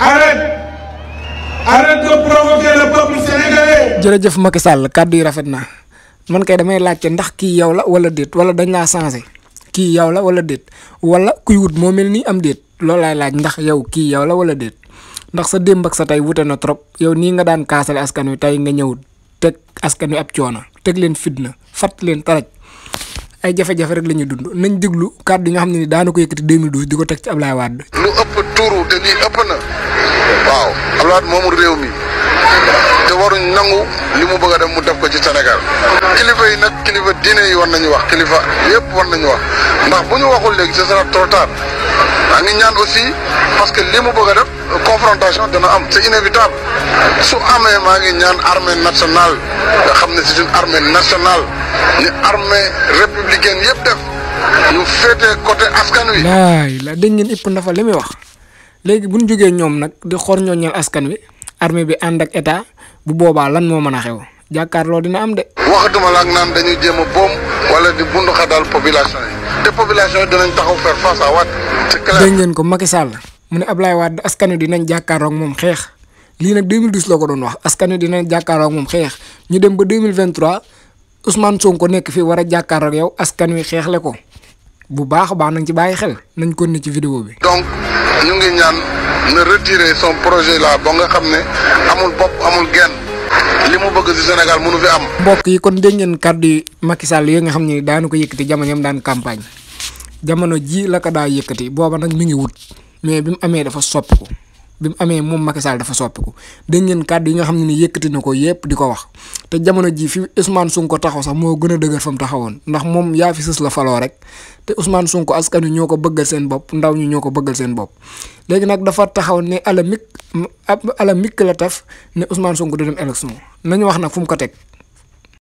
arrête arrête de provoquer le peuple sénégalais. jërëjëf Macky Sall kàddu yi rafet na man kay damay laajte ndax kii yow la wala déet wala dañ laa changé kii yow la wala déet wala kuy wut moo mel nii am déet loolu laay laaj ndax yow kii yow la wala déet ndax sa démb ak sa tey wute na trop yow nii nga daan kaasale askan wi tey nga ñëwut teg askan wi ab coono teg leen fitna fat leen taraj ay jafe-jafe rek la ñuy dund nañ déglu kàddu yi nga xam ne ni daana ko yëkkati du di ko teg ci Ablaye Wade. lu ëpp tuuru dañuy ëpp na waaw Ablaye Wade moomul réew mi. te waruñ nangu li mu bëgg a def mu def ko ci Sénégal kilifa yi nag kilifa diine yi war nañu wax kilifa yëpp war nañu wax ndax bu ñu waxul léegi ce sera trop tard ñaan aussi parce que li mu bëgg a def confrontation dana am c'est inévitable su amee maa ngi ñaan armée nationale xam ne si une armée nationale ni armée républicaine yëpp def ñu féetee côté askan wi. laay la dégg ngeen ëpp ndafa li muy wax léegi bu ñu jógee ñoom nag di xool ñoo ñeel askan wi. armée bi ànd ak état bu boobaa lan moo mën a xew jàkkaarloo dina am de. waxatuma la ak naan dañuy jéem boom wala di bundu xadal population yi te population yi dinañ taxaw faire face à Wade. c'est ko Macky mu ne Ablaye laay askan wi dinañ jàkkaarloo moom xeex lii nag 2012 la ko doon wax askan wi dinañ jàkkaarloo ak moom xeex ñu dem ba 2023 Ousmane Sonko nekk fii war a jàkkaarloo ak yow askan wi xeexle ko. bu baax a baax nañ ci bàyyi xel nañ kon ne ci video bi. donc ñu ngi ñaan na retirer son projet la boo nga xam ne amul bopp amul genn li mu bëgg si Sénégal mënu fi am. mbokk yi kon dégg ngeen kàddu yi Macky Sall yooyu nga xam ne daanu ko yëkkati jamono yam daan campagne jamono ji la ko daa yëkkati booba nag mi ngi wut mais bi mu amee dafa soppi ko bi mu amee moom Macky Sall dafa soppiku dégg ngeen kàddu yi nga xam ne ni yëkkati na ko yëpp di ko wax te jamono ji fi Ousmane Sonko taxaw sax moo gën a dëgër fa mu taxawoon ndax moom yaa fi sës la faloo rek te Ousmane Sonko askan wi ñoo ko bëggal seen bopp ndaw ñi ñoo ko bëggal seen bopp. léegi nag dafa taxaw ne ala mik ala mik la taf ne Ousmane Sonko du dem élection nañu wax nag fu mu ko teg.